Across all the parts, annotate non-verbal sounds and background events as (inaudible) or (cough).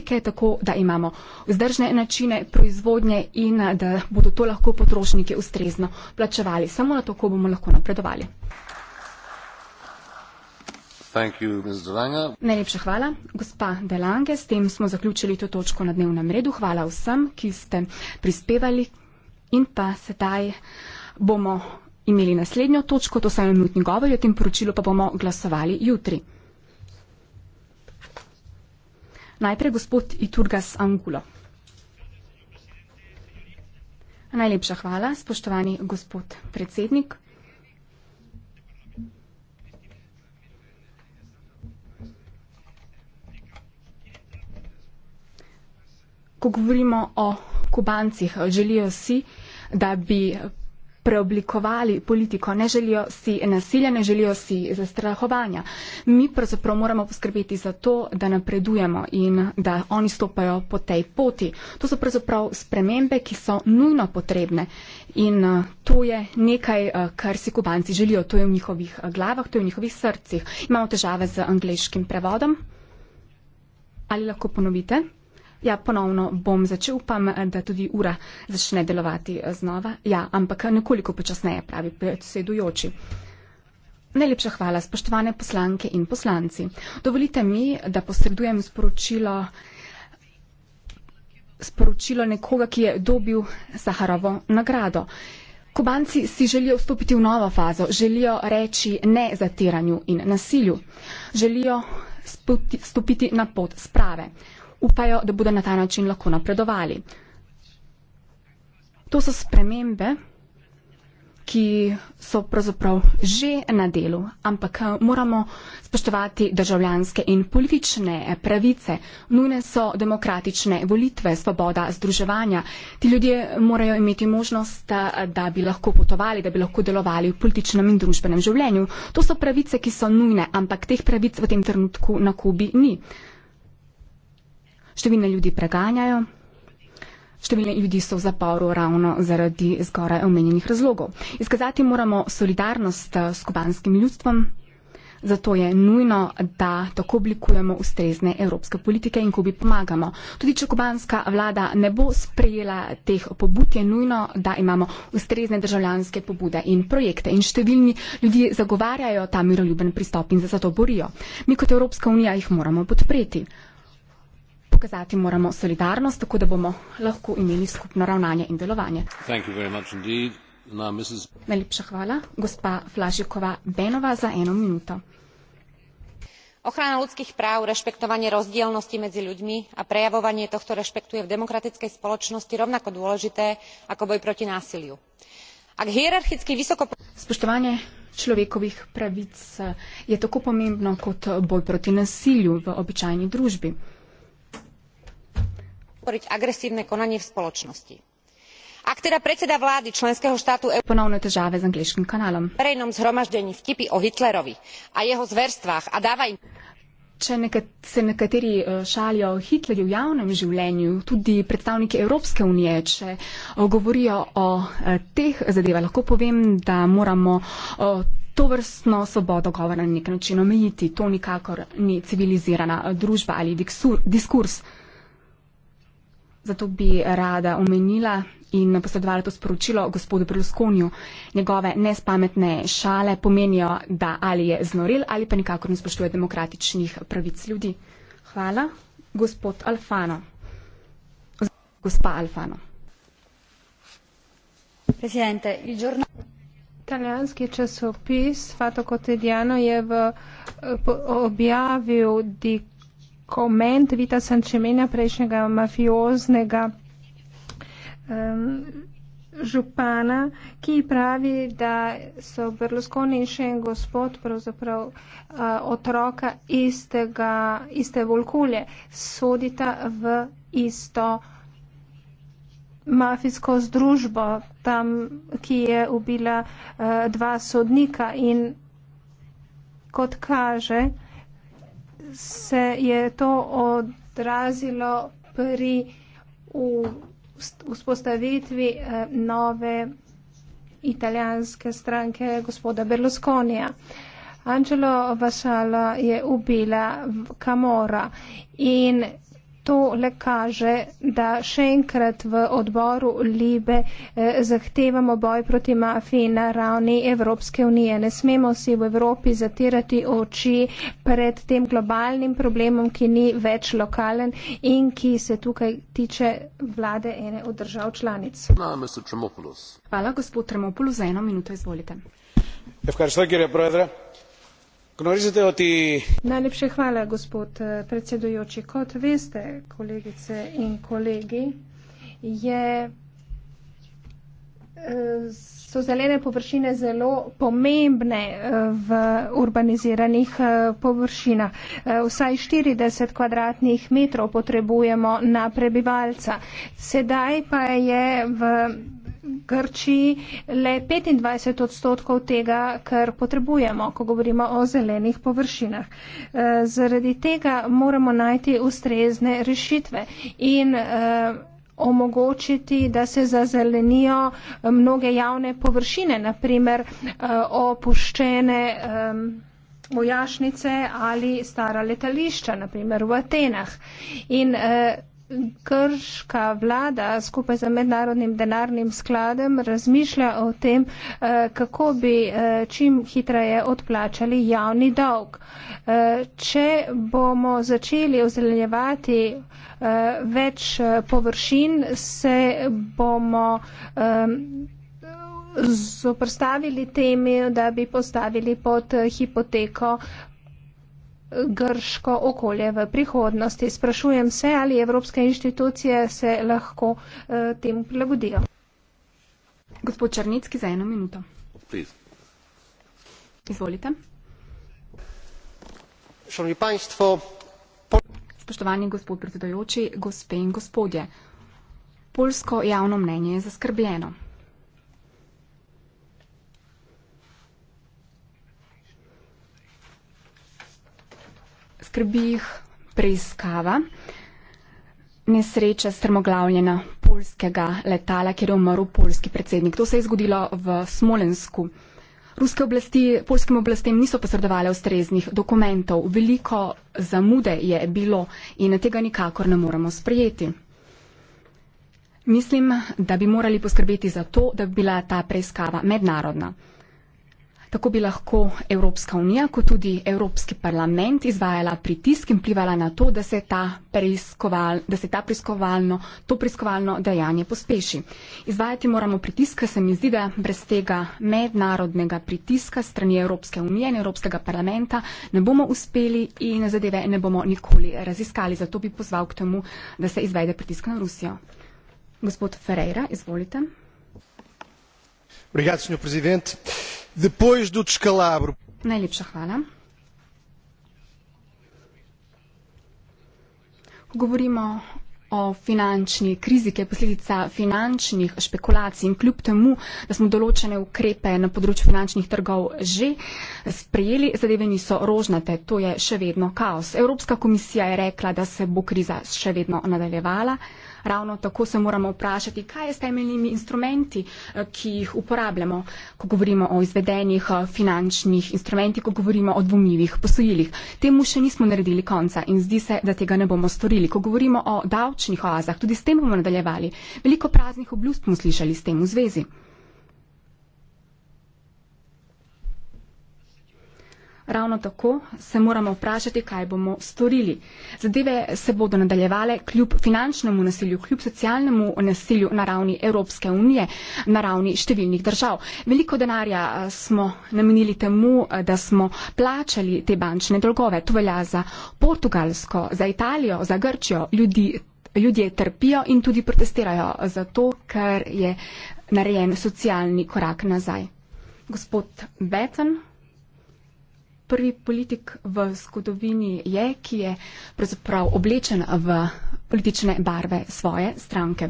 plastike, tako da imamo vzdržne načine proizvodnje in eh, da bodo to lahko potrošniki ustrezno plačevali. Samo na tako bomo lahko napredovali. You, Najlepša hvala, gospa Delange. S tem smo zaključili to točko na dnevnem redu. Hvala vsem, ki ste prispevali in pa sedaj bomo imeli naslednjo točko, to so enotni govori, o tem poročilu pa bomo glasovali jutri. Najprej gospod Iturgas Angulo. Najlepša hvala, spoštovani gospod predsednik. Ko govorimo o Kubancih, želijo si, da bi preoblikovali politiko, ne želijo si nasilja, ne želijo si zastrahovanja. Mi pravzaprav moramo poskrbeti za to, da napredujemo in da oni stopajo po tej poti. To so pravzaprav spremembe, ki so nujno potrebne in eh, to je nekaj, eh, kar si kubanci želijo. To je v njihovih eh, glavah, to je v njihovih srcih. Imamo težave z angliškim prevodom. Ali lahko ponovite? Ja, ponovno bom začel, upam, da tudi ura začne delovati eh, znova. Ja, ampak eh, nekoliko počasneje, pravi predsedujoči. Najlepša hvala, spoštovane poslanke in poslanci. Dovolite mi, da posredujem sporočilo, sporočilo nekoga, ki je dobil Saharovo nagrado. Kubanci si želijo vstopiti v novo fazo, želijo reči ne zatiranju in nasilju, želijo stopiti na pot sprave upajo, da bodo na ta način lahko napredovali. To so spremembe, ki so pravzaprav že na delu, ampak eh, moramo spoštovati državljanske in politične eh, pravice. Nujne so demokratične volitve, svoboda združevanja. Ti ljudje morajo imeti možnost, eh, da bi lahko potovali, da bi lahko delovali v političnem in družbenem življenju. To so pravice, ki so nujne, ampak teh pravic v tem trenutku na Kubi ni. Številne ljudi preganjajo, številne ljudi so v zaporu ravno zaradi zgoraj omenjenih razlogov. Izkazati moramo solidarnost eh, s kubanskim ljudstvom, zato je nujno, da tako oblikujemo ustrezne evropske politike in Kubi pomagamo. Tudi če kubanska vlada ne bo sprejela teh pobud, je nujno, da imamo ustrezne državljanske pobude in projekte. In številni ljudje zagovarjajo ta miroljuben pristop in se za to borijo. Mi kot Evropska unija jih moramo podpreti pokazati moramo solidarnost, tako da bomo lahko imeli skupno ravnanje in delovanje. Now, Mrs... Najlepša hvala, gospa Flažikova Benova, za eno minuto. Ochrana ľudských práv, rešpektovanie rozdielnosti medzi ľuďmi a prejavovanie tohto rešpektu je v demokratickej spoločnosti rovnako dôležité ako boj proti násiliu. Ak hierarchicky vysoko... Spoštovanie človekovih pravic eh, je tako pomembno kot boj proti nasilju v običajni družbi podporiť agresívne konanie v spoločnosti. ak teda predseda vlády členského štátu verejnom zhromaždení vtipy o hitlerovi a jeho zverstvách a dáva im Če se nekateri e, šalijo o Hitlerju v javnem življenju, tudi predstavniki Evropske unije, če e, govorijo o e, teh zadevah, lahko povem, da moramo to vrstno svobodo govora na nek način omejiti. To nikakor ni civilizirana družba ali diksur, diskurs. Zato bi rada omenila in posredovala to sporočilo gospodu Brlusconiju. Njegove nespametne šale pomenijo, da ali je znoril ali pa nikakor ne spoštuje demokratičnih pravic ljudi. Hvala, gospod Alfano. Gospa Alfano. Presidente, il giornale... Italijanski časopis Fato Cotidiano je v, eh, objavil dik koment Vita Sančemena, prejšnjega mafioznega um, župana, ki pravi, da so Berlusconi in še en gospod pravzaprav uh, otroka istega, iste volkulje, sodita v isto mafijsko združbo, tam, ki je ubila uh, dva sodnika in kot kaže, se je to odrazilo pri vzpostavitvi eh, nove italijanske stranke gospoda Berlusconija. Angelo Vašala je ubila Kamora in to le kaže, da še enkrat v odboru Libe eh, zahtevamo boj proti mafiji na ravni Evropske unije. Ne smemo si v Evropi zatirati oči pred tem globalnim problemom, ki ni več lokalen in ki se tukaj tiče vlade ene od držav članic. Hvala, gospod Tremopolus, za eno minuto izvolite. Ja, Najlepše hvala, gospod eh, predsedujoči. Kot veste, kolegice in kolegi, je, eh, so zelene površine zelo pomembne eh, v urbaniziranih površinah. Vsaj 40 kvadratnih metrov potrebujemo na prebivalca. Sedaj pa je v Grčiji le 25 odstotkov tega, kar potrebujemo, ko govorimo o zelenih površinah. Eh, zaradi tega moramo najti ustrezne rešitve in eh, omogočiti, da se zazelenijo eh, mnoge javne površine, naprimer opuščene vojašnice ali stara letališča, naprimer v Atenah. In, Grška vlada skupaj z mednarodnim denarnim skladem razmišlja o tem, eh, kako bi eh, čim hitreje odplačali javni dolg. Eh, če bomo začeli ozelenjevati več površin, se bomo zoprstavili temi, da bi postavili pod hipoteko grško okolje v prihodnosti. Sprašujem se, ali evropske inštitucije se lahko uh, eh, temu prilagodijo. Gospod Črnitski za eno minuto. Please. Izvolite. Šolni panjstvo. Pol Spoštovani gospod predsedojoči, gospe in gospodje. Polsko javno mnenje je zaskrbljeno. skrbi jih preiskava. Nesreče strmoglavljena polskega letala, kjer je umrl polski predsednik. To se je zgodilo v Smolensku. Ruske oblasti, polskim oblastem niso posredovale ustreznih dokumentov. Veliko zamude je bilo in tega nikakor ne moremo sprejeti. Mislim, da bi morali poskrbeti za to, da bi bila ta preiskava mednarodna. Tako bi lahko Evropska unija, kot tudi Evropski parlament izvajala pritisk in plivala na to, da se, ta preiskoval, da se ta preiskovalno, to preiskovalno dejanje pospeši. Izvajati moramo pritiska, se mi zdi, da brez tega mednarodnega pritiska strani Evropske unije in Evropskega parlamenta ne bomo uspeli in zadeve ne bomo nikoli raziskali. Zato bi pozval k temu, da se izvede pritisk na Rusijo. Gospod Ferreira, izvolite. Obrigado, senhor presidente depois do descalabro. Najlepša hvala. Govorimo o finančni krizi, ki je posledica finančnih špekulacij in kljub temu, da smo določene ukrepe na področju finančnih trgov že sprejeli, zadeve niso rožnate, to je še vedno kaos. Evropska komisija je rekla, da se bo kriza še vedno nadaljevala. Ravno tako se moramo vprašati, kaj je s temeljnimi instrumenti, eh, ki jih uporabljamo, ko govorimo o izvedenih eh, finančnih instrumentih, ko govorimo o dvomljivih posojilih. Temu še nismo naredili konca in zdi se, da tega ne bomo storili. Ko govorimo o davčnih oazah, tudi s tem bomo nadaljevali. Veliko praznih obljub smo slišali s tem v zvezi. Ravno tako se moramo vprašati, kaj bomo storili. Zadeve se bodo nadaljevale kljub finančnemu nasilju, kljub socialnemu nasilju na ravni Evropske unije, na ravni številnih držav. Veliko denarja eh, smo namenili temu, eh, da smo plačali te bančne dolgove. To velja za Portugalsko, za Italijo, za Grčijo. Ljudi, ljudje trpijo in tudi protestirajo zato, ker je narejen socialni korak nazaj. Gospod Beton prvi politik v zgodovini je, ki je pravzaprav oblečen v politične barve svoje stranke.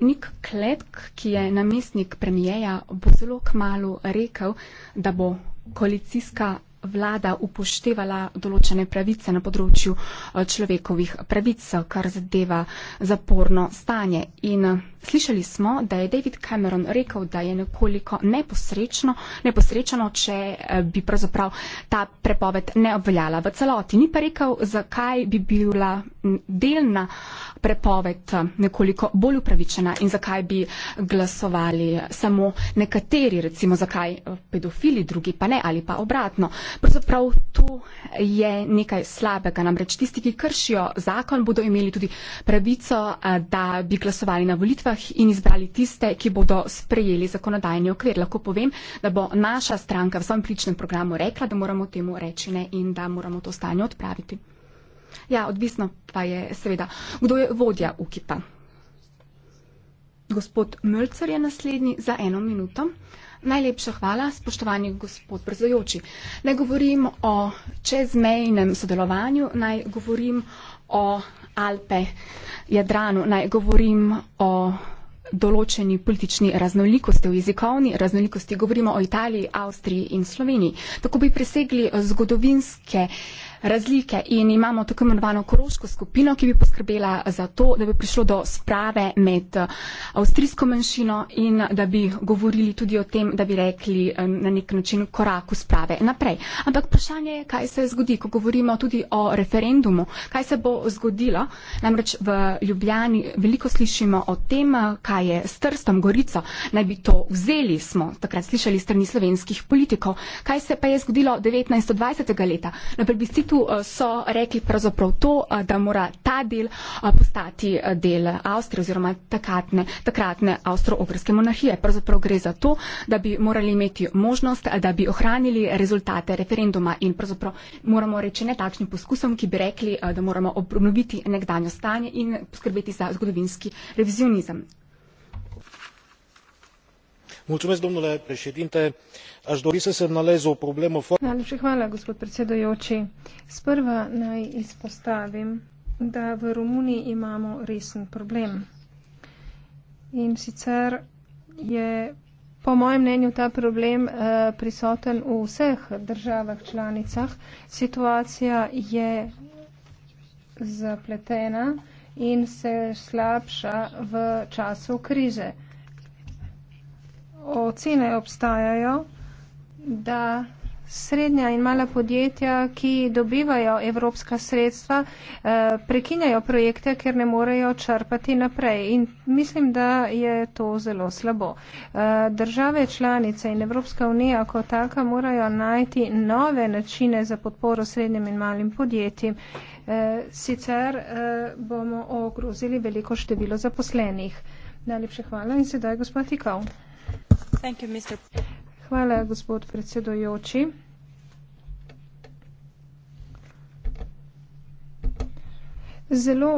Nik Kledk, ki je namestnik premijeja, bo zelo kmalo rekel, da bo koalicijska vlada upoštevala določene pravice na področju eh, človekovih pravic, kar zadeva zaporno stanje. In Slišali smo, da je David Cameron rekel, da je nekoliko neposrečno, neposrečeno, če eh, bi pravzaprav ta prepoved ne obveljala v celoti. Ni pa rekel, zakaj bi bila delna prepoved eh, nekoliko bolj upravičena in zakaj bi glasovali samo nekateri, recimo zakaj eh, pedofili, drugi pa ne ali pa obratno. Pravzaprav to je nekaj slabega, namreč tisti, ki kršijo zakon, bodo imeli tudi pravico, da bi glasovali na volitve volitvah in izbrali tiste, ki bodo sprejeli zakonodajni okvir. Lahko povem, da bo naša stranka v svojem pričnem programu rekla, da moramo temu reči ne in da moramo to stanje odpraviti. Ja, odvisno pa je seveda, kdo je vodja UKIP-a. Gospod Mölcer je naslednji za eno minuto. Najlepša hvala, spoštovani gospod predsedujoči. Ne govorim o čezmejnem sodelovanju, naj govorim o Alpe, Jadranu, naj govorim o določeni politični raznolikosti, o jezikovni raznolikosti, govorimo o Italiji, Avstriji in Sloveniji. Tako bi presegli zgodovinske razlike in imamo tako imenovano koroško skupino, ki bi poskrbela za to, da bi prišlo do sprave med eh, avstrijsko manjšino in da bi govorili tudi o tem, da bi rekli eh, na nek način korak v sprave naprej. Ampak vprašanje je, kaj se zgodi, ko govorimo tudi o referendumu, kaj se bo zgodilo. Namreč v Ljubljani veliko slišimo o tem, eh, kaj je s Trstom, Gorico, naj bi to vzeli, smo takrat slišali strani slovenskih politikov. Kaj se pa je zgodilo 1920. leta? Naprej, svetu eh, so rekli pravzaprav to, eh, da mora ta del eh, postati del Avstrije oziroma takratne, takratne Avstro-Ogrske monarhije. Pravzaprav gre za to, da bi morali imeti možnost, da bi ohranili rezultate referenduma in pravzaprav moramo reči ne takšnim poskusom, ki bi rekli, da moramo obnoviti nekdanjo stanje in poskrbeti za zgodovinski revizionizem. Mulțumesc, domnule președinte aș dori să semnalez o problemă foarte... Mulțumesc, domnul președinte. Sprva noi ispostavim da v Rumunii imam o resen problem. In sicer je po mojem mnenju ta problem uh, prisoten v vseh državah članicah. Situacija je zapletena in se slabša v času krize. Ocene obstajajo, da srednja in mala podjetja, ki dobivajo evropska sredstva, eh, prekinjajo projekte, ker ne morejo črpati naprej. In mislim, da je to zelo slabo. Eh, države članice in Evropska unija kot taka morajo najti nove načine za podporo srednjim in malim podjetjem. Eh, sicer bomo ogrozili veliko število zaposlenih. Najlepše hvala in sedaj gospod Tikal. Thank you, Mr. Hvala, gospod predsedojoči. Zelo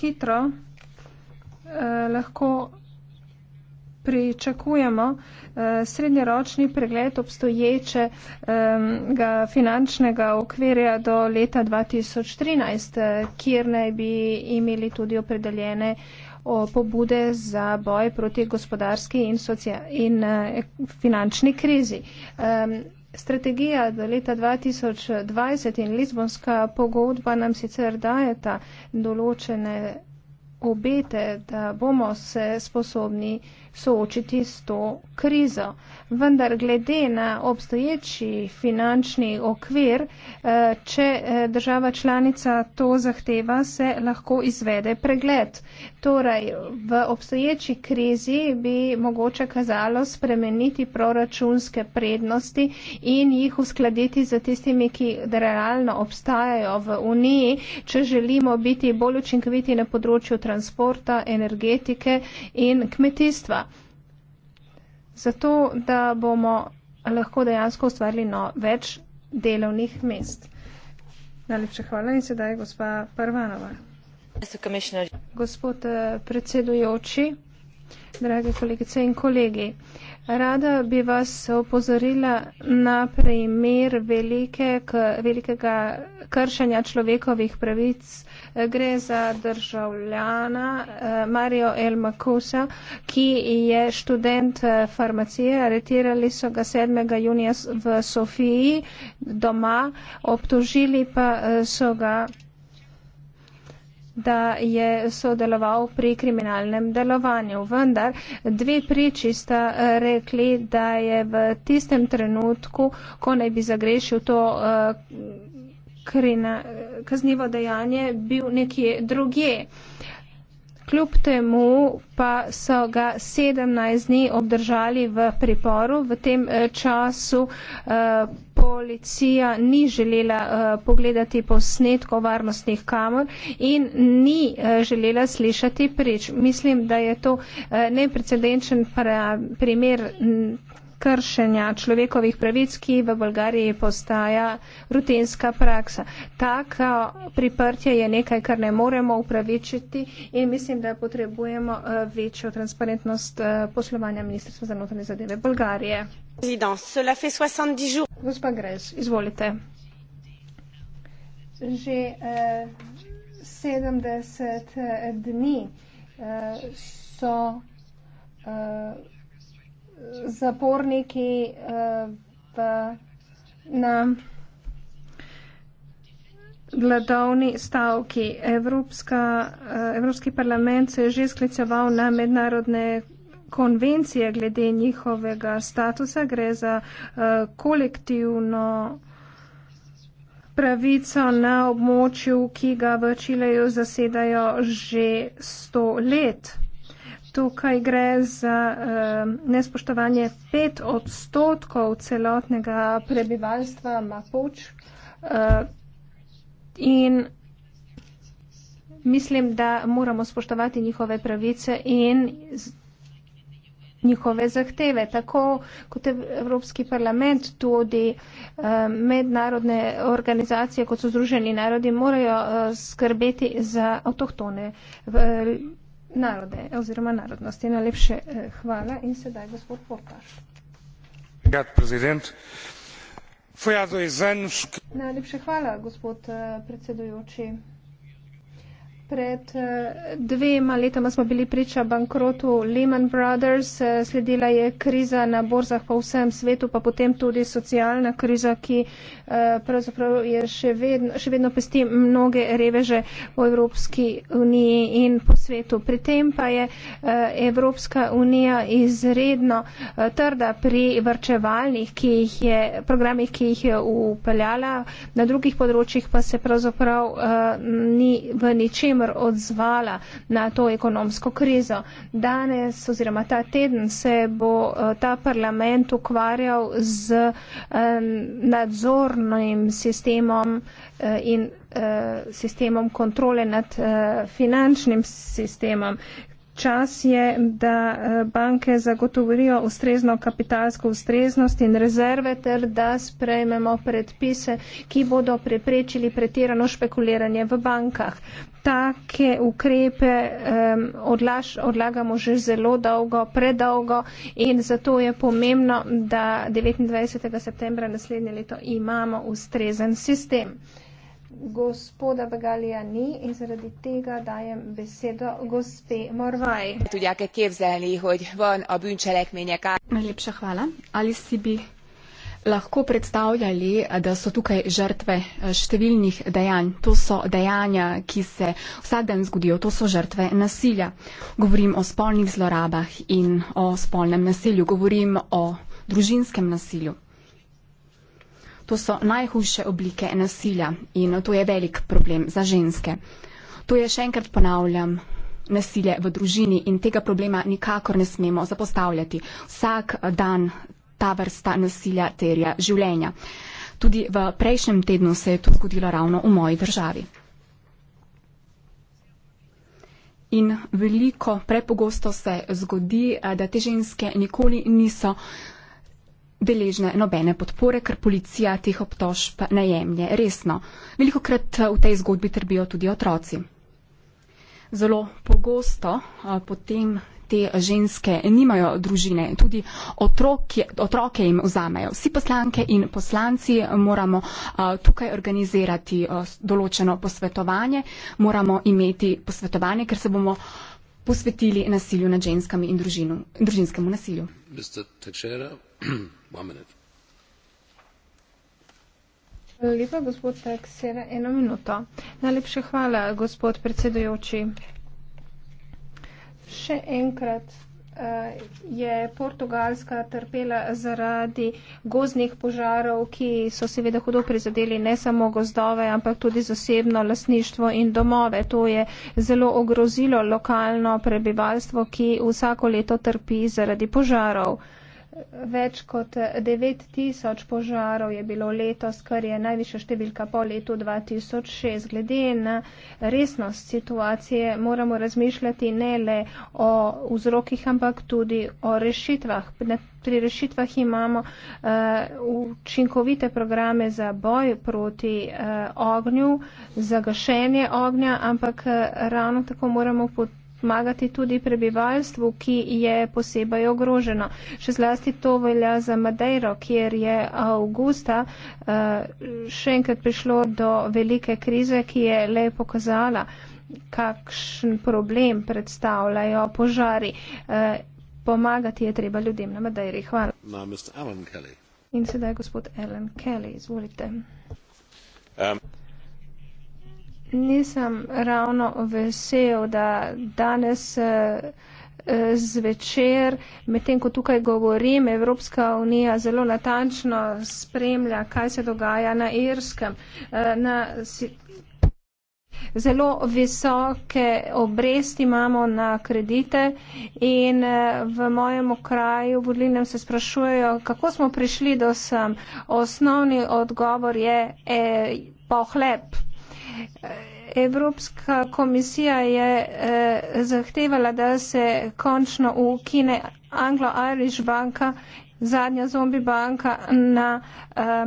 hitro eh, lahko pričakujemo eh, srednjeročni pregled obstoječega eh, finančnega okvirja do leta 2013, eh, kjer naj bi imeli tudi opredeljene pobude za boj proti gospodarski in, in finančni krizi. Ehm, strategija do leta 2020 in Lizbonska pogodba nam sicer dajeta določene obete, da bomo se sposobni soočiti s to krizo. Vendar glede na obstoječi finančni okvir, eh, če eh, država članica to zahteva, se lahko izvede pregled. Torej, v obstoječi krizi bi mogoče kazalo spremeniti proračunske prednosti in jih uskladiti z tistimi, ki realno obstajajo v Uniji, če želimo biti bolj učinkoviti na področju transporta, energetike in kmetijstva zato da bomo lahko dejansko ustvarili no, več delovnih mest. Najlepša hvala in sedaj gospa Parvanova. Gospod eh, predsedujoči, drage kolegice in kolegi, rada bi vas opozorila na primer velike, k, velikega kršenja človekovih pravic gre za državljana eh, Mario El Makusa, ki je študent eh, farmacije. Aretirali so ga 7. junija v Sofiji doma, obtožili pa eh, so ga da je sodeloval pri kriminalnem delovanju. Vendar dve priči sta rekli, da je v tistem trenutku, ko naj bi zagrešil to. Uh, krena, kaznivo dejanje bil nekje druge. Kljub temu pa so ga 17 dni obdržali v priporu. V tem eh, času eh, policija ni želela eh, pogledati posnetko varnostnih kamor in ni eh, želela slišati prič. Mislim, da je to eh, neprecedenčen primer kršenja človekovih pravic, ki v Bolgariji postaja rutinska praksa. Tako priprtje je nekaj, kar ne moremo upravičiti in mislim, da potrebujemo eh, večjo transparentnost eh, poslovanja Ministrstva za notranje zadeve Bolgarije. Gospa Grez, izvolite. Že eh, 70 eh, dni eh, so. Eh, zaporniki eh, v, na gladovni stavki. Evropska, eh, Evropski parlament se je že skliceval na mednarodne konvencije glede njihovega statusa. Gre za eh, kolektivno pravico na območju, ki ga v Čileju zasedajo že sto let tukaj gre za uh, nespoštovanje pet odstotkov celotnega prebivalstva Mapuč. Uh, in mislim, da moramo spoštovati njihove pravice in njihove zahteve, tako kot Evropski parlament, tudi eh, mednarodne organizacije, kot so Združeni narodi, morajo skrbeti za avtohtone narode oziroma narodnosti. Najlepše eh, hvala in sedaj gospod Popaš. Najlepše hvala, gospod eh, predsedujoči. Pred eh, dvema letoma smo bili priča bankrotu Lehman Brothers, eh, sledila je kriza na borzah po vsem svetu, pa potem tudi socialna kriza, ki eh, pravzaprav je še vedno, še vedno pesti mnoge reveže v Evropski uniji in po svetu. Pri tem pa je Evropska unija izredno trda pri vrčevalnih ki je, programih, ki jih je upeljala, na drugih področjih pa se pravzaprav ni v ničem čemer odzvala na to ekonomsko krizo. Danes oziroma ta teden se bo eh, ta parlament ukvarjal z nadzornim sistemom eh, in eh, sistemom kontrole nad finančnim sistemom. Čas je, da banke zagotovijo ustrezno kapitalsko ustreznost in rezerve ter da sprejmemo predpise, ki bodo preprečili pretirano špekuliranje v bankah take ukrepe um, odlaž, odlagamo že zelo dolgo, predolgo in zato je pomembno, da 29. septembra naslednje leto imamo ustrezen sistem. Gospoda Begalija ni in zaradi tega dajem besedo gospe Morvaj. Tudi, képzelni, hogy van a bűncselekmények... Najlepša hvala. Ali si bi lahko predstavljali, da so tukaj žrtve eh, številnih dejanj. To so dejanja, ki se vsak dan zgodijo, to so žrtve nasilja. Govorim o spolnih zlorabah in o spolnem nasilju, govorim o družinskem nasilju. To so najhujše oblike nasilja in to je velik problem za ženske. To je še enkrat ponavljam nasilje v družini in tega problema nikakor ne smemo zapostavljati. Vsak dan ta vrsta nasilja terja življenja. Tudi v prejšnjem tednu se je to zgodilo ravno v moji državi. In veliko, prepogosto se zgodi, eh, da te ženske nikoli niso deležne nobene podpore, ker policija teh obtožb ne jemlje resno. Veliko krat eh, v tej zgodbi trbijo tudi otroci. Zelo pogosto eh, potem te ženske nimajo družine, tudi otroke, otroke jim vzamejo. Vsi poslanke in poslanci moramo tukaj organizirati določeno posvetovanje, moramo imeti posvetovanje, ker se bomo posvetili nasilju nad ženskami in družinu, družinskemu nasilju. (clears throat) Hvala lepa, gospod Taksera. Eno minuto. Najlepše hvala, gospod predsedujoči še enkrat eh, je Portugalska trpela zaradi gozdnih požarov, ki so seveda hudo prizadeli ne samo gozdove, ampak tudi zasebno lasništvo in domove. To je zelo ogrozilo lokalno prebivalstvo, ki vsako leto trpi zaradi požarov. Več kot 9000 požarov je bilo letos, kar je najviše številka po letu 2006. Glede na resnost situacije moramo razmišljati ne le o vzrokih, ampak tudi o rešitvah. Pri rešitvah imamo uh, učinkovite programe za boj proti uh, ognju, za gašenje ognja, ampak uh, ravno tako moramo potrebovati pomagati tudi prebivalstvu, ki je posebej ogroženo. Še zlasti to velja za Madeiro, kjer je avgusta eh, še enkrat prišlo do velike krize, ki je le pokazala, kakšen problem predstavljajo požari. Eh, pomagati je treba ljudem na Madeiri. Hvala. In sedaj gospod Alan Kelly, izvolite. Um nisem ravno vesel, da danes eh, eh, zvečer, medtem ko tukaj govorim, Evropska unija zelo natančno spremlja, kaj se dogaja na Irskem. Eh, na Zelo visoke obresti imamo na kredite in v mojem okraju, v Budlinem, se sprašujejo, kako smo prišli do sem. Osnovni odgovor je eh, pohlep, Evropska komisija je eh, zahtevala, da se končno ukine Anglo-Irish banka, zadnja zombi banka na eh,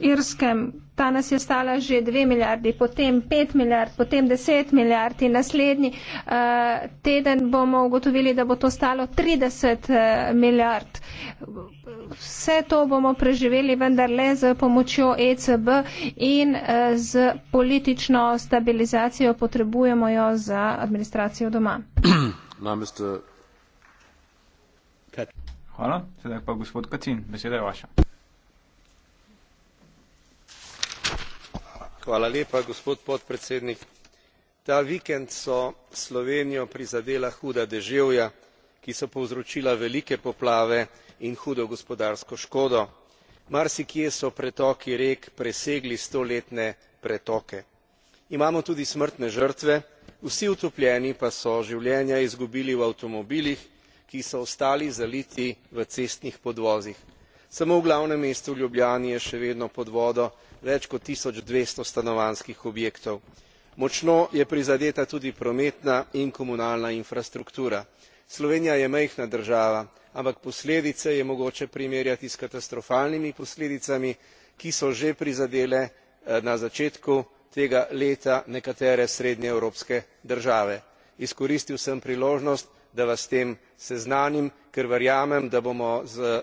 irskem ta nas je stala že 2 milijardi, potem 5 milijard, potem 10 milijard in naslednji uh, teden bomo ugotovili, da bo to stalo 30 uh, eh, milijard. Vse to bomo preživeli vendar le z pomočjo ECB in uh, z politično stabilizacijo potrebujemo jo za administracijo doma. (clears throat) Hvala, sedaj pa gospod Kacin, beseda je vaša. ta vikend so slovenijo prizadela huda deževja ki so povzročila velike poplave in hudo gospodarsko škodo. marsikje so pretoki rek presegli stoletne pretoke. imamo tudi smrtne žrtve vsi utopljeni pa so življenja izgubili v avtomobilih ki so ostali zaliti v cestnih podvozih samo v glavnem mestu ljubljani je še vedno pod vodo več kot tisoč dvesto stanovanjskih objektov močno je prizadeta tudi prometna in komunalna infrastruktura slovenija je majhna država ampak posledice je mogoče primerjati s katastrofalnimi posledicami ki so že prizadele eh, na začetku tega leta nekatere srednjeevropske države izkoristil sem priložnost da vas s tem seznanim ker verjamem da bomo z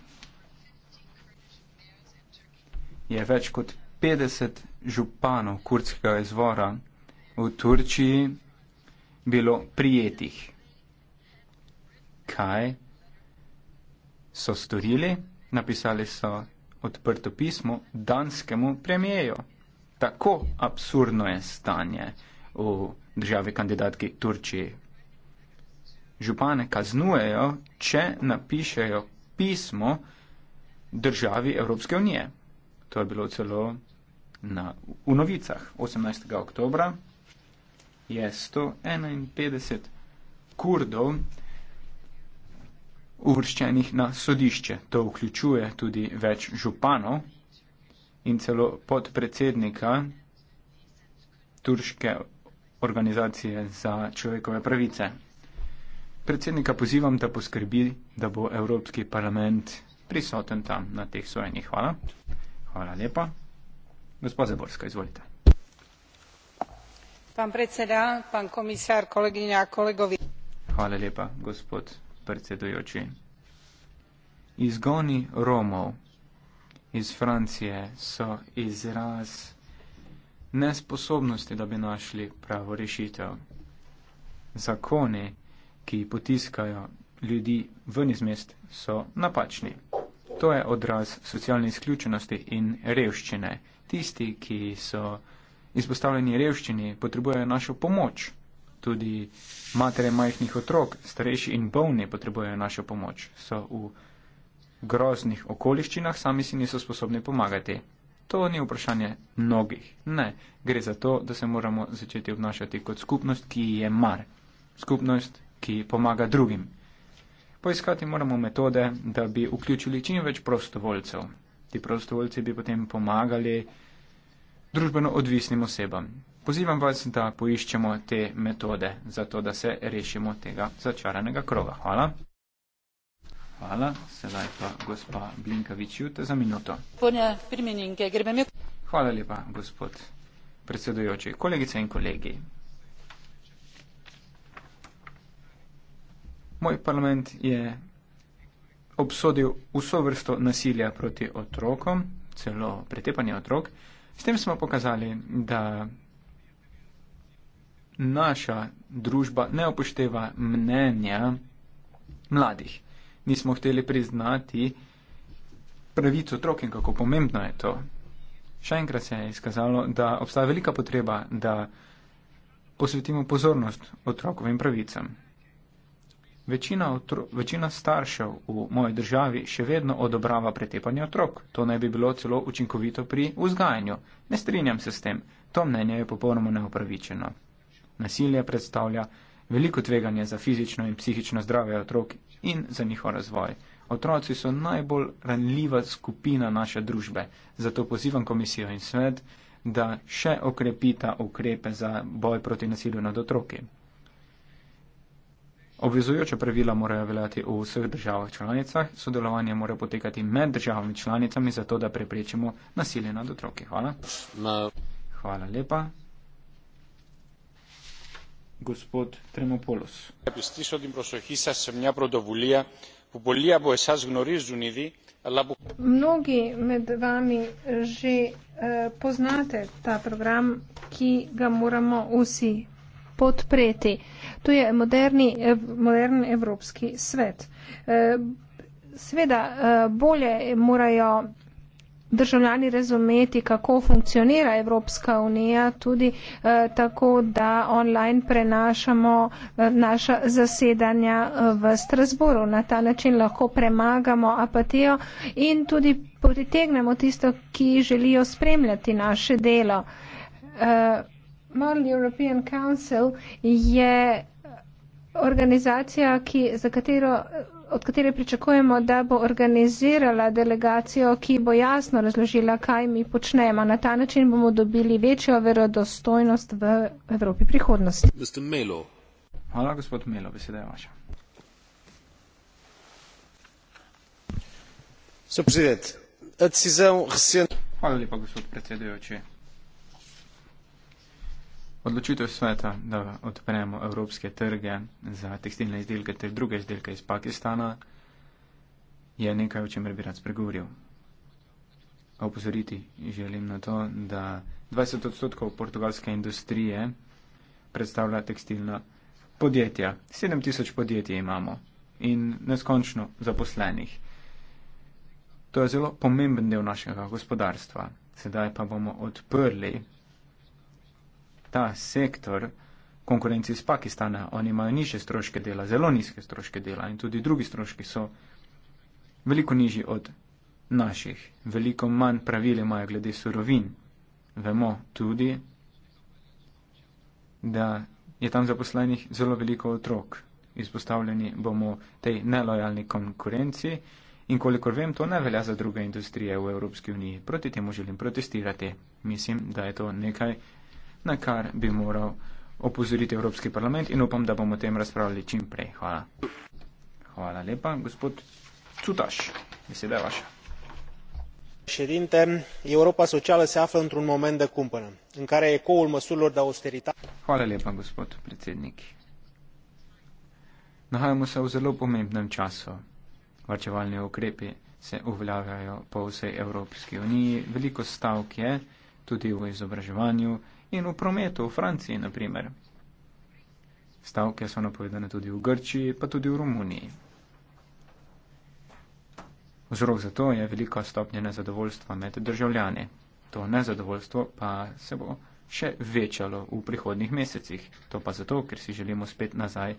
je več kot 50 županov kurdskega izvora v Turčiji bilo prijetih. Kaj so storili? Napisali so odprto pismo danskemu premijeju. Tako absurdno je stanje v državi kandidatki Turčiji. Župane kaznujejo, če napišejo pismo državi Evropske unije. To je bilo celo na, v novicah. 18. oktobra je 151 kurdov uvrščenih na sodišče. To vključuje tudi več županov in celo podpredsednika Turške organizacije za človekove pravice. Predsednika pozivam, da poskrbi, da bo Evropski parlament prisoten tam na teh sojenjih. Hvala. Hvala lepa. Gospa Zaborska, izvolite. Pán predseda, pán komisár, kolegyňa a kolegovi. Hvala lepa, gospod predsedujoči. Izgoni Romov iz Francije so izraz nesposobnosti, da bi našli pravo rešitev. Zakone, ki potiskajo ljudi ven iz mest, so napačni. To je odraz socialne izključenosti in revščine. Tisti, ki so izpostavljeni revščini, potrebujejo našo pomoč. Tudi matere majhnih otrok, starejši in bolni potrebujejo našo pomoč. So v groznih okoliščinah, sami si niso sposobni pomagati. To ni vprašanje mnogih. Ne, gre za to, da se moramo začeti obnašati kot skupnost, ki je mar. Skupnost, ki pomaga drugim poiskati moramo metode, da bi vključili čim več prostovoljcev. Ti prostovoljci bi potem pomagali družbeno odvisnim osebam. Pozivam vas, da poiščemo te metode, zato da se rešimo tega začaranega kroga. Hvala. Hvala. Sedaj pa gospa Blinkovič Jute za minuto. Hvala lepa, gospod predsedujoči, kolegice in kolegi. moj parlament je obsodil vso vrsto nasilja proti otrokom, celo pretepanje otrok. S tem smo pokazali, da naša družba ne upošteva mnenja mladih. Nismo hteli priznati pravic otrok in kako pomembno je to. Še enkrat se je izkazalo, da obstaja velika potreba, da posvetimo pozornost otrokovim pravicam. Večina, večina staršev v moji državi še vedno odobrava pretepanje otrok. To naj bi bilo celo učinkovito pri vzgajanju. Ne strinjam se s tem. To mnenje je popolnoma neopravičeno. Nasilje predstavlja veliko tveganje za fizično in psihično zdravje otrok in za njihov razvoj. Otroci so najbolj ranljiva skupina naše družbe. Zato pozivam komisijo in svet, da še okrepita ukrepe za boj proti nasilju nad otroki. Obvezujoče pravila morajo veljati v vseh državah članicah, sodelovanje mora potekati med državami članicami, zato da preprečimo nasilje nad otroki. Hvala. No. Hvala lepa. Gospod Tremopolos. Mnogi med vami že eh, poznate ta program, ki ga moramo vsi podpreti. To je moderni, ev, moderni evropski svet. E, Sveda e, bolje morajo državljani razumeti, kako funkcionira Evropska unija, tudi eh, tako, da online prenašamo eh, naša zasedanja e, v Strasboru. Na ta način lahko premagamo apatijo in tudi potegnemo tisto, ki želijo spremljati naše delo. Eh, Model European Council je organizacija, ki, za katero, od katere pričakujemo, da bo organizirala delegacijo, ki bo jasno razložila, kaj mi počnemo. Na ta način bomo dobili večjo verodostojnost v Evropi prihodnosti. Hvala, gospod Melo, beseda je vaša. Hvala lepa, gospod predsedujoči. Odločitev sveta, da odpremo evropske trge za tekstilne izdelke ter druge izdelke iz Pakistana, je nekaj, o čemer bi rad spregovoril. Opozoriti želim na to, da 20 odstotkov portugalske industrije predstavlja tekstilna podjetja. 7000 podjetij imamo in neskončno zaposlenih. To je zelo pomemben del našega gospodarstva. Sedaj pa bomo odprli ta sektor konkurenci iz Pakistana. Oni imajo niže stroške dela, zelo nizke stroške dela in tudi drugi stroški so veliko nižji od naših. Veliko manj pravil imajo glede surovin. Vemo tudi, da je tam zaposlenih zelo veliko otrok. Izpostavljeni bomo tej nelojalni konkurenci in kolikor vem, to ne velja za druge industrije v Evropski uniji. Proti temu želim protestirati. Mislim, da je to nekaj na kar bi moral opozoriti Evropski parlament in upam, da bomo o tem razpravljali čim prej. Hvala. Hvala lepa, gospod Cutaš. Beseda je vaša. Președinte, Europa Socială se află într-un moment de cumpănă, în care ecoul măsurilor de austeritate... Hvala lepa, gospod predsednik. Nahajamo se v zelo pomembnem času. Varčevalni ukrepi se uveljavljajo po vsej Evropski uniji, veliko stavk je, tudi v izobraževanju, in v prometu v Franciji, na primer. Stavke so napovedane tudi v Grčiji, pa tudi v Romuniji. Vzrok za to je velika stopnja nezadovoljstva med državljani. To nezadovoljstvo pa se bo še večalo v prihodnih mesecih. To pa zato, ker si želimo spet nazaj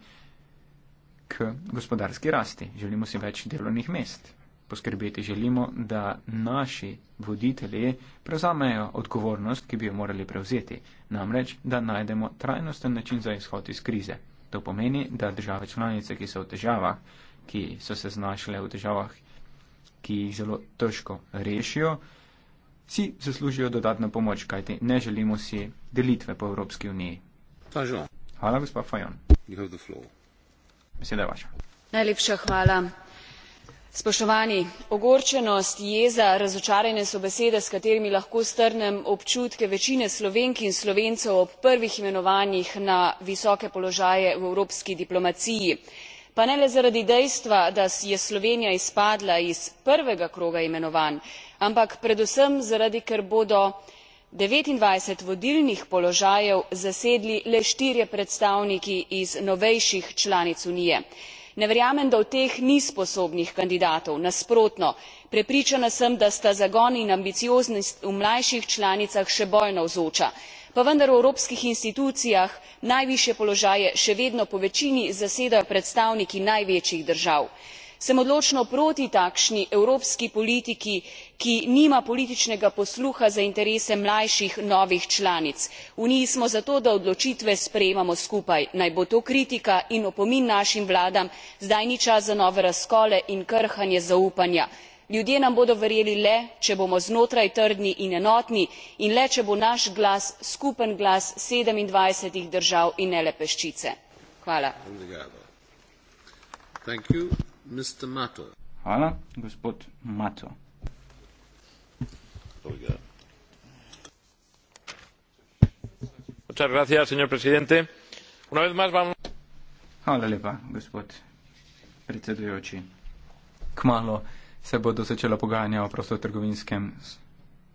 k gospodarski rasti. Želimo si več delovnih mest poskrbeti želimo, da naši voditelji prevzamejo odgovornost, ki bi jo morali prevzeti, namreč, da najdemo trajnosten način za izhod iz krize. To pomeni, da države članice, ki so v težavah, ki so se znašle v težavah, ki jih zelo težko rešijo, si zaslužijo dodatno pomoč, kajti ne želimo si delitve po Evropski uniji. Hvala, gospod Fajon. Beseda je vaša. Najlepša hvala spoštovani ogorčenost jeza razočaranje so besede s katerimi lahko strnem občutke večine slovenk in slovencev ob prvih imenovanjih na visoke položaje v evropski diplomaciji pa ne le zaradi dejstva da je slovenija izpadla iz prvega kroga imenovanj ampak predvsem zaradi ker bodo devetindvajset vodilnih položajev zasedli le štirje predstavniki iz novejših članic unije ne verjamem da v teh ni sposobnih kandidatov nasprotno prepričana sem da sta zagon in ambicioznost v mlajših članicah še bolj navzoča pa vendar v evropskih institucijah najvišje položaje še vedno po večini zasedajo predstavniki največjih držav sem odločno proti takšni evropski politiki ki nima političnega posluha za interese mlajših novih članic. v uniji smo zato da odločitve sprejemamo skupaj naj bo to kritika in opomin našim vladam zdaj ni čas za nove razkole in krhanje zaupanja. ljudje nam bodo verjeli le če bomo znotraj trdni in enotni in le če bo naš glas skupen glas sedemindvajset držav in ne le peščice. Mr. Mato. Hvala, gospod Mato. Muchas gracias, señor presidente. Una vez más vamos. Hvala lepa, gospod predsedujoči. Kmalo se bodo začela pogajanja o prostotrgovinskem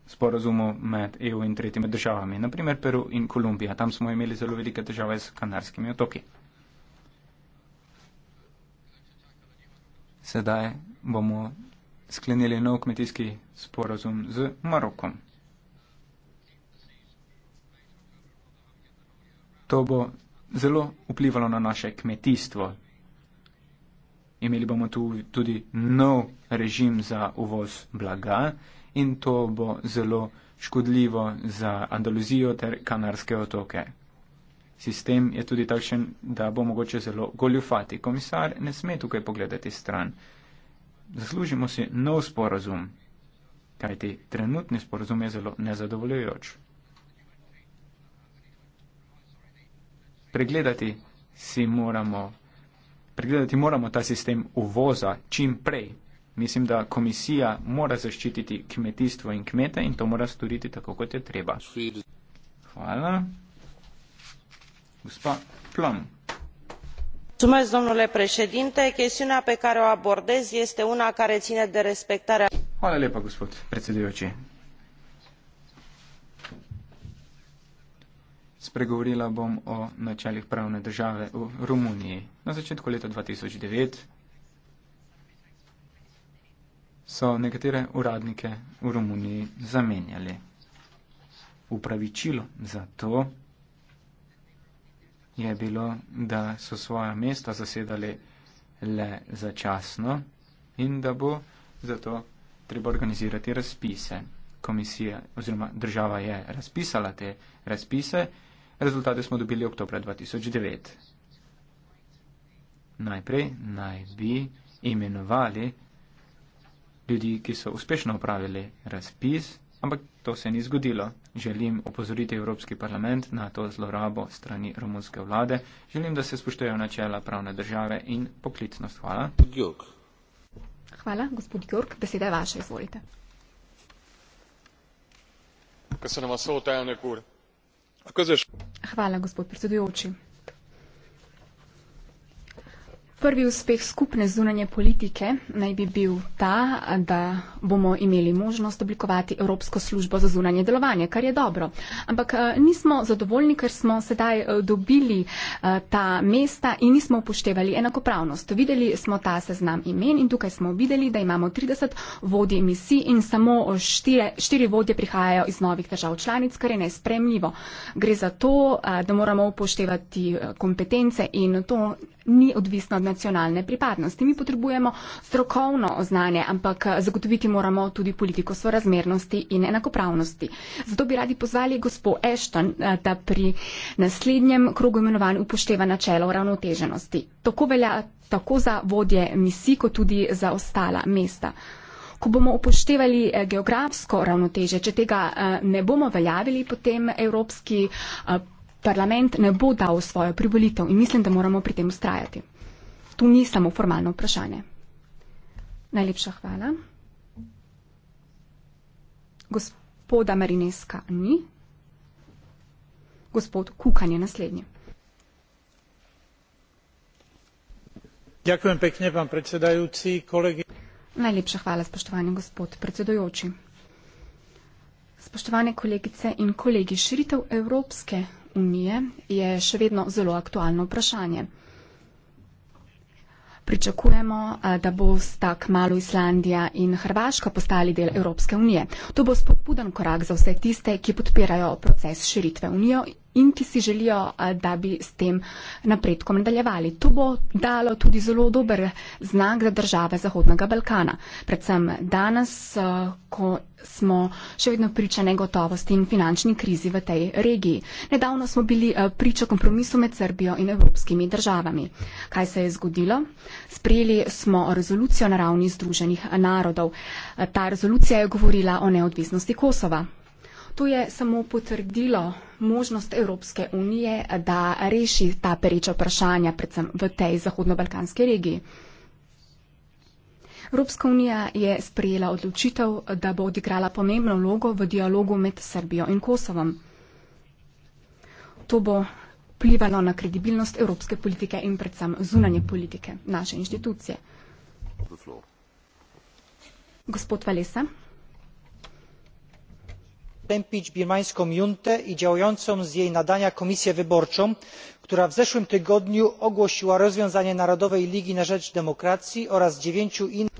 sporazumu med EU in tretjimi državami, naprimer Peru in Kolumbija. Tam smo imeli zelo velike težave s Kanarskimi otoki. sedaj bomo sklenili nov kmetijski sporozum z Marokom. To bo zelo vplivalo na naše kmetijstvo. Imeli bomo tu tudi nov režim za uvoz blaga in to bo zelo škodljivo za Andaluzijo ter Kanarske otoke. Sistem je tudi takšen, da bo mogoče zelo goljufati. Komisar ne sme tukaj pogledati stran. Zaslužimo si nov sporazum, kajti trenutni sporazum je zelo nezadovoljujoč. Pregledati si moramo, pregledati moramo ta sistem uvoza čim prej. Mislim, da komisija mora zaščititi kmetijstvo in kmete in to mora storiti tako, kot je treba. Hvala domnule președinte chestiunea pe care o abordez este una care ține de respectarea. spregovorila bom o načelih pravne države v Romuniji. Na začetku leta 2009 so nekatere uradnike v Romuniji zamenjali. Upravičilo za to je bilo, da so svoja mesta zasedali le začasno in da bo zato treba organizirati razpise. Komisija oziroma država je razpisala te razpise, rezultate smo dobili oktober 2009. Najprej naj bi imenovali ljudi, ki so uspešno upravili razpis ampak to se ni zgodilo. Želim opozoriti Evropski parlament na to zlorabo strani romunske vlade. Želim, da se spoštujejo načela pravne države in poklicnost. Hvala. Jok. Hvala, gospod Jork. Beseda je vaša, izvolite. Hvala, gospod predsedujoči. Prvi uspeh skupne zunanje politike naj bi bil ta, da bomo imeli možnost oblikovati Evropsko službo za zunanje delovanje, kar je dobro. Ampak eh, nismo zadovoljni, ker smo sedaj eh, dobili eh, ta mesta in nismo upoštevali enakopravnost. Videli smo ta seznam imen in tukaj smo videli, da imamo 30 vodi emisij in samo štire, štiri vodje prihajajo iz novih držav članic, kar je nespremljivo. Gre za to, da moramo upoštevati kompetence in to ni odvisno od nacionalne pripadnosti. Mi potrebujemo strokovno znanje, ampak zagotoviti moramo tudi politiko sorazmernosti in enakopravnosti. Zato bi radi pozvali gospod Ešton, eh, da pri naslednjem krogu imenovanj upošteva načelo ravnoteženosti. Tako velja tako za vodje misij, kot tudi za ostala mesta. Ko bomo upoštevali eh, geografsko ravnoteže, če tega eh, ne bomo veljavili, potem Evropski parlament ne bo dal svojo privolitev in mislim, da moramo pri tem ustrajati to ni samo formalno vprašanje. Najlepša hvala. Gospoda Marineska ni. Gospod Kukan je naslednji. Ďakujem pekne, pán predsedajúci, kolegy. Najlepša hvala, spoštovani gospod predsedujoči. Spoštovane kolegice in kolegi, širitev Evropske unije je še vedno zelo aktualno vprašanje. Pričakujemo, eh, da bo sta kmalo Islandija in Hrvaška postali del Evropske unije. To bo spodbuden korak za vse tiste, ki podpirajo proces širitve unijo, in ki si želijo, da bi s tem napredkom nadaljevali. To bo dalo tudi zelo dober znak za države Zahodnega Balkana. Predvsem danes, ko smo še vedno priča negotovosti in finančni krizi v tej regiji. Nedavno smo bili priča kompromisu med Srbijo in evropskimi državami. Kaj se je zgodilo? Sprejeli smo rezolucijo na ravni Združenih narodov. Ta rezolucija je govorila o neodvisnosti Kosova. To je samo potrdilo možnost Evropske unije, da reši ta pereča vprašanja, predvsem v tej zahodnobalkanski regiji. Evropska unija je sprejela odločitev, da bo odigrala pomembno vlogo v dialogu med Srbijo in Kosovom. To bo vplivalo na kredibilnost evropske politike in predvsem zunanje politike naše inštitucije. Gospod Valesa potępić birmańską juntę i działającą z jej nadania komisję wyborczą która w zeszłym tygodniu ogłosiła rozwiązanie narodowej ligi na rzecz demokracji oraz dziewięciu innych.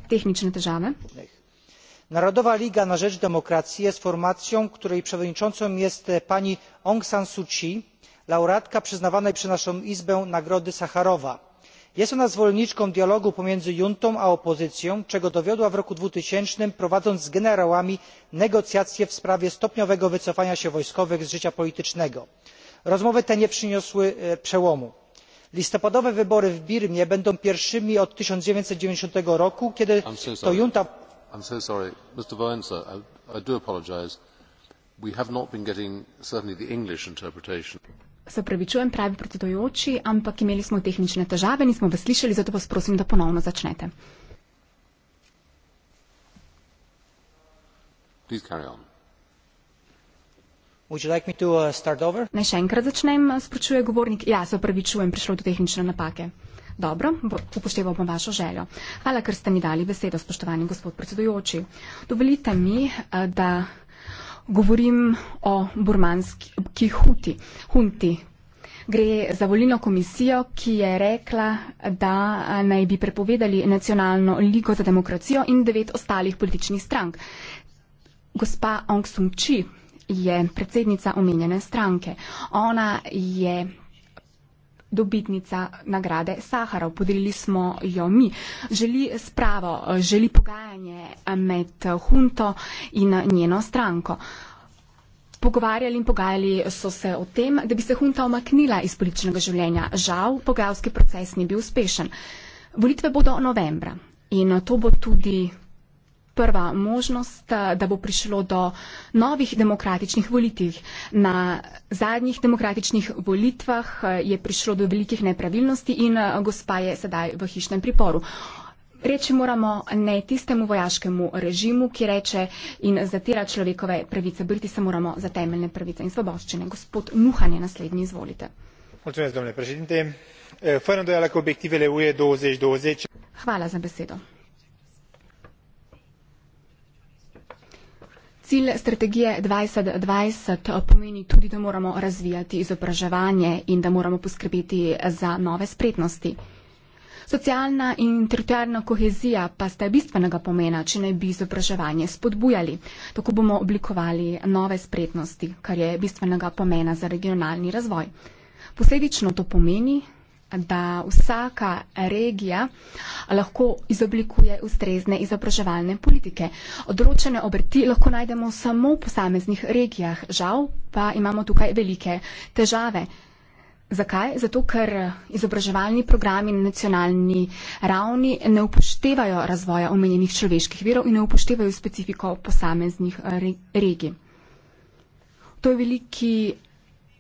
narodowa liga na rzecz demokracji jest formacją której przewodniczącą jest pani aung san suu kyi laureatka przyznawanej przez naszą izbę nagrody sacharowa jest ona zwolenniczką dialogu pomiędzy juntą a opozycją czego dowiodła w roku dwa tysiące prowadząc z generałami negocjacje w sprawie stopniowego wycofania się wojskowych z życia politycznego. rozmowy te nie przyniosły e, przełomu. listopadowe wybory w birmie będą pierwszymi od tysiąc dziewięćset dziewięćdzisiąt roku kiedy to junta se pravičujem, pravi predsedujoči, ampak imeli smo tehnične težave, nismo vas slišali, zato vas prosim, da ponovno začnete. Uh, Naj še enkrat začnem, uh, sprašuje govornik. Ja, se opravičujem, prišlo je do tehnične napake. Dobro, upošteval bom vašo željo. Hvala, ker ste mi dali besedo, spoštovani gospod predsedujoči. Dovolite mi, uh, da Govorim o burmanski huti, hunti. Gre za volilno komisijo, ki je rekla, da naj bi prepovedali nacionalno ligo za demokracijo in devet ostalih političnih strank. Gospa Aung San Suu Kyi je predsednica omenjene stranke. Ona je dobitnica nagrade Sahara, podelili smo jo mi. Želi spravo, želi pogajanje med hunto in njeno stranko. Pogovarjali in pogajali so se o tem, da bi se hunta omaknila iz političnega življenja. Žal, pogajalski proces ni bil uspešen. Volitve bodo novembra in to bo tudi prva možnost, eh, da bo prišlo do novih demokratičnih volitev. Na zadnjih demokratičnih volitvah eh, je prišlo do velikih nepravilnosti in eh, gospa je sedaj v hišnem priporu. Reči moramo ne tistemu vojaškemu režimu, ki reče in zatira človekove pravice. Briti se moramo za temeljne pravice in svoboščine. Gospod Nuhanje, naslednji izvolite. Hvala za besedo. Cilj strategije 2020 pomeni tudi, da moramo razvijati izobraževanje in da moramo poskrbeti za nove spretnosti. Socialna in teritorijalna kohezija pa sta bistvenega pomena, če ne bi izobraževanje spodbujali. Tako bomo oblikovali nove spretnosti, kar je bistvenega pomena za regionalni razvoj. Posledično to pomeni, da vsaka regija lahko izoblikuje ustrezne izobraževalne politike. Odročene obrti lahko najdemo samo v posameznih regijah, žal pa imamo tukaj velike težave. Zakaj? Zato, ker izobraževalni programi na nacionalni ravni ne upoštevajo razvoja omenjenih človeških verov in ne upoštevajo specifiko posameznih regij. To je veliki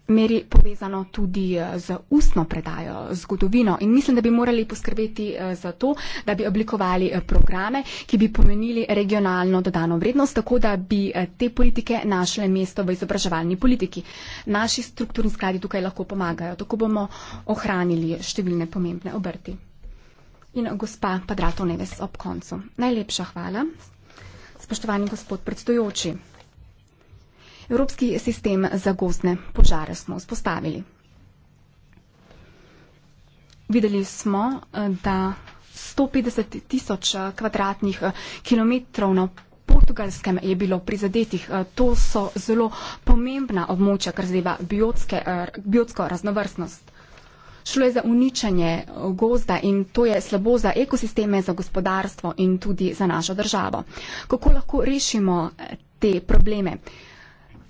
meri povezano tudi eh, z ustno predajo, zgodovino in mislim, da bi morali poskrbeti eh, za to, da bi oblikovali eh, programe, ki bi pomenili regionalno dodano vrednost, tako da bi te politike našle mesto v izobraževalni politiki. Naši strukturni skladi tukaj lahko pomagajo, tako bomo ohranili številne pomembne obrti. In gospa Padratov Neves ob koncu. Najlepša hvala. Spoštovani gospod predstojoči. Evropski sistem za gozdne požare smo vzpostavili. Videli smo, da 150 tisoč eh, kvadratnih eh, kilometrov na Portugalskem je bilo prizadetih. Eh, to so zelo pomembna območja, kar zadeva biotsko raznovrstnost. Šlo je za uničenje gozda in to je slabo za ekosisteme, za gospodarstvo in tudi za našo državo. Kako lahko rešimo te probleme?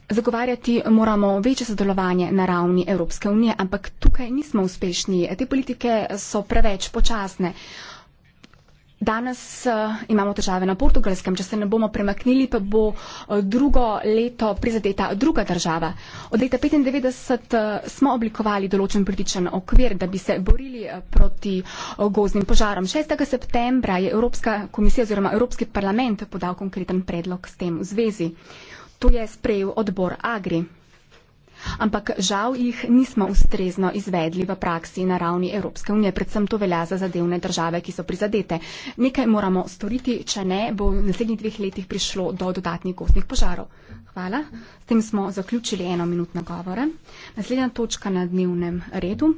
Zagovarjati moramo večje sodelovanje na ravni Evropske unije, ampak tukaj nismo uspešni. Te politike so preveč počasne. Danes uh, imamo težave na portugalskem, če se ne bomo premaknili, pa bo eh, drugo leto prizadeta druga država. Od leta 1995 uh, eh, smo oblikovali določen političen okvir, da bi se borili proti goznim požarom. 6. septembra je Evropska komisija oziroma Evropski parlament podal konkreten predlog s tem v zvezi. Uh, To je sprejel odbor Agri. Ampak žal jih nismo ustrezno izvedli v praksi na ravni Evropske unije, predvsem to velja za zadevne države, ki so prizadete. Nekaj moramo storiti, če ne, bo v naslednjih dveh letih prišlo do dodatnih gostnih požarov. Hvala. S tem smo zaključili eno minutno govore. Naslednja točka na dnevnem redu.